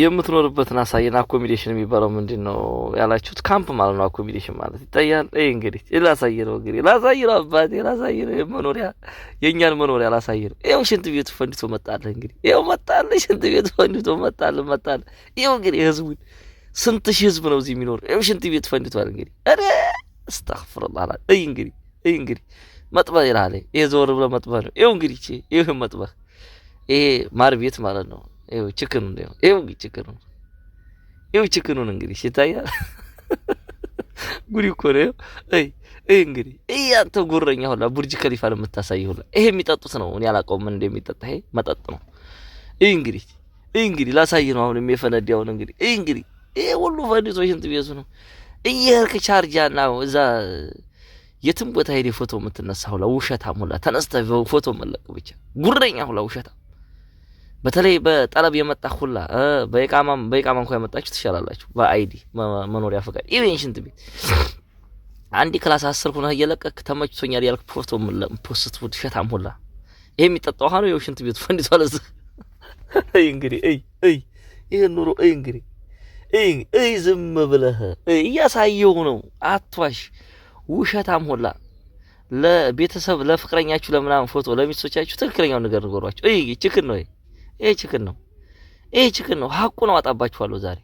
የምትኖርበትን አሳየን። አኮሚዴሽን የሚባለው ምንድን ነው ያላችሁት? ካምፕ ማለት ነው። አኮሚዴሽን ማለት ይታያል። ይ እንግዲህ ላሳየ ነው፣ እንግዲህ ላሳየ ነው፣ አባቴ ላሳየ ነው። መኖሪያ የእኛን መኖሪያ ላሳየ ነው። ይው ሽንት ቤቱ ፈንድቶ መጣለ እንግዲህ ይው መጣለ ሽንት ቤቱ ፈንድቶ መጣለ መጣለ ይው እንግዲህ ህዝቡን ስንት ሺህ ህዝብ ነው እዚህ የሚኖሩ ይው ሽንት ቤቱ ፈንድቷል። እንግዲህ እ አስተግፍሩላህ ላ እይ እንግዲህ እይ እንግዲህ መጥበህ ይላለ ይሄ ዘወር ብለ መጥበህ ነው። ይው እንግዲህ ይህ መጥበህ ይሄ ማር ቤት ማለት ነው። ይው ችክኑ ነው። ይው ችክኑ ይው ችክኑ ነው። እንግዲህ ይታያል። ጉድ እኮ ነው። አይ አይ እንግዲህ እያንተ ጉረኛ ሁላ ቡርጅ ከሊፋ ለምታሳይ ሁላ ይሄ የሚጠጡት ነው። እኔ አላውቀውም እንደሚጠጣ ይሄ መጠጥ ነው። ይህ እንግዲህ ይህ እንግዲህ ላሳይ ነው። አሁን የፈነዳውን እንግዲህ ይህ እንግዲህ ይሄ ሁሉ ፈንድቶ ሽንት ቤቱ ነው። እየሄድክ ቻርጃና እዛ የትም ቦታ ሄደ ፎቶ የምትነሳ ሁላ ውሸታም ሁላ ተነስተ ፎቶ መለቅ ብቻ ጉረኛ ሁላ ውሸታም በተለይ በጠለብ የመጣ ሁላ በኢቃማ እንኳ ያመጣችሁ ትሻላላችሁ። በአይዲ መኖሪያ ፈቃድ ኢቬን ሽንት ቤት አንድ ክላስ አስር ሁነህ እየለቀክ ተመችቶኛል ያልክ ፎቶ ፖስት ፉድ ሸታም ሁላ ይሄ የሚጠጣው ውሃ ነው። የሽንት ቤቱ ፈንዲቷል። እዚህ እይ እንግዲህ እይ እይ ይህን ኑሮ እይ እንግዲህ እይ እይ ዝም ብለህ እያሳየው ነው። አትዋሽ፣ ውሸታም ሁላ ለቤተሰብ ለፍቅረኛችሁ፣ ለምናምን ፎቶ ለሚስቶቻችሁ ትክክለኛው ነገር ንገሯቸው። እይ ችክን ነው ይሄ ችክን ነው፣ ይሄ ችክን ነው። ሀቁ ነው። አወጣባችኋለሁ ዛሬ።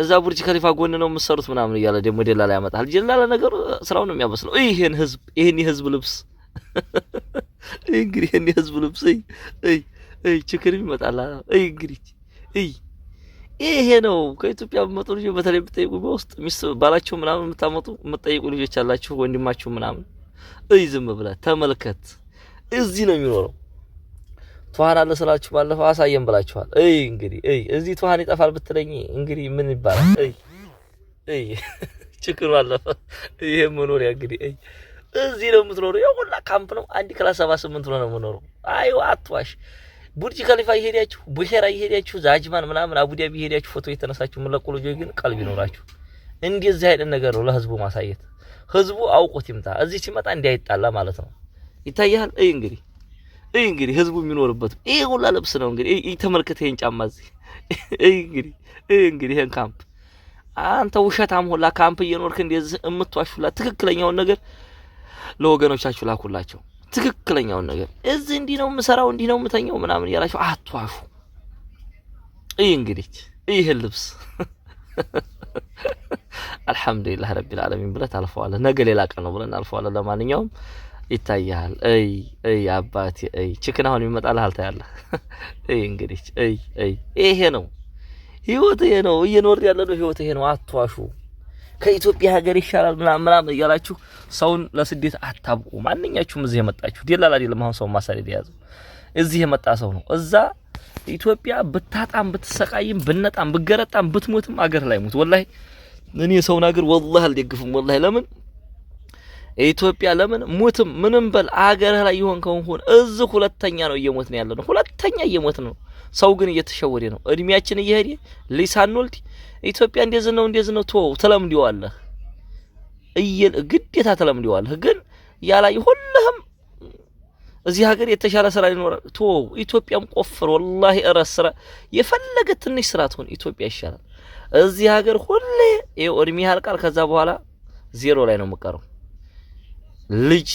እዛ ቡርጅ ከሊፋ ጎን ነው የምትሰሩት ምናምን እያለ ደግሞ ደላላ ያመጣል። ደላላ ነገሩ ስራውን የሚያበስለው ይሄን ህዝብ ይሄን የህዝብ ልብስ እንግዲህ ይሄን የህዝብ ልብስ እይ እይ ችክን ይመጣል። እይ እንግዲህ እይ ይሄ ነው ከኢትዮጵያ የምትመጡ ልጆች በተለይ የምትጠይቁ በውስጥ ሚስ ባላችሁ ምናምን የምታመጡ የምትጠይቁ ልጆች አላችሁ፣ ወንድማችሁ ምናምን እይ ዝም ብለህ ተመልከት። እዚህ ነው የሚኖረው። ትኋን አለ ስላችሁ ባለፈው አሳየን ብላችኋል። እይ እንግዲህ እይ እዚህ ትኋን ይጠፋል ብትለኝ እንግዲህ ምን ይባላል? እይ እይ ችግሩ አለፈ። ይሄ መኖሪያ እንግዲህ እይ እዚህ ነው የምትኖረው። ያው ሁላ ካምፕ ነው። አንድ ክላስ ሰባ ስምንት ነው ነው የምኖረው። አይ አትዋሽ። ቡርጅ ከሊፋ ይሄዳችሁ፣ ቡሄራ ይሄዳችሁ፣ ዛጅማን ምናምን አቡዳቢ ይሄዳችሁ ፎቶ የተነሳችሁ የምለቁ ልጆች ግን ቀልብ ይኖራችሁ። እንደዚህ አይነት ነገር ነው ለህዝቡ ማሳየት። ህዝቡ አውቆት ይምጣ። እዚህ ሲመጣ እንዲያይጣላ ማለት ነው። ይታያል። እይ እንግዲህ ይህ እንግዲህ ህዝቡ የሚኖርበት ይህ ሁላ ልብስ ነው። እንግዲህ ይህ ይህን ጫማ እዚህ ይህ እንግዲህ ይህ እንግዲህ ይህን ካምፕ አንተ ውሸታም ሁላ ካምፕ እየኖርክ እንደዚህ የምትዋሹላ፣ ትክክለኛውን ነገር ለወገኖቻችሁ ላኩላቸው። ትክክለኛውን ነገር እዚህ እንዲህ ነው የምሰራው እንዲህ ነው የምተኛው ምናምን እያላችሁ አትዋሹ። ይህ እንግዲህ ይህን ልብስ አልሐምዱሊላህ ረቢል ዓለሚን ብለህ ታልፈዋለህ። ነገ ሌላ ቀን ነው ብለን አልፈዋለን። ለማንኛውም ይታያል። እይ እይ አባቴ እይ ችክን አሁን ይመጣልሃል ታያለህ። እይ እንግዲህ እይ እይ ይሄ ነው ህይወት፣ ይሄ ነው እየኖር ያለ ነው ህይወት፣ ይሄ ነው አትዋሹ። ከኢትዮጵያ ሀገር ይሻላል ምናምን ምናምን እያላችሁ ሰውን ለስደት አታብቁ። ማንኛችሁም እዚህ የመጣችሁ ደላላ አይደለም። አሁን ሰው ማሳደድ የያዘው እዚህ የመጣ ሰው ነው። እዛ ኢትዮጵያ ብታጣም ብትሰቃይም ብነጣም ብገረጣም ብትሞትም አገር ላይ ሙት። ወላሂ እኔ ሰውን አገር ወላሂ አልደግፍም። ወላሂ ለምን የኢትዮጵያ ለምን ሙትም ምንም በል አገርህ ላይ ይሆን ከሆን እዚህ ሁለተኛ ነው እየሞት ነው ያለ ነው። ሁለተኛ እየሞት ነው። ሰው ግን እየተሸወደ ነው። እድሜያችን እየሄደ ሊሳንልት ኢትዮጵያ እንደዚህ ነው እንደዚህ ነው ተወው፣ ተለምዲዋለህ ግዴታ ተለምዲዋለህ። ግን ያላይ ሁልህም እዚህ ሀገር የተሻለ ስራ ይኖራል። ቶ ኢትዮጵያም ቆፍር ወላሂ እረስ ስራ የፈለገ ትንሽ ስራ ትሆን ኢትዮጵያ ይሻላል። እዚህ ሀገር ሁሌ ይኸው እድሜ ያልቃል። ከዛ በኋላ ዜሮ ላይ ነው የምቀረው። ልጅ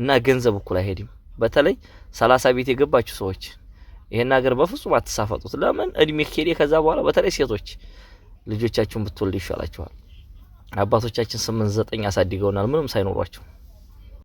እና ገንዘብ እኩል አይሄድም። በተለይ ሰላሳ ቤት የገባችሁ ሰዎች ይሄን ነገር በፍጹም አትሳፈጡት። ለምን እድሜ ከሄደ ከዛ በኋላ በተለይ ሴቶች ልጆቻችሁን ብትወልዱ ይሻላችኋል። አባቶቻችን ስምንት ዘጠኝ አሳድገውናል ምንም ሳይኖሯቸው።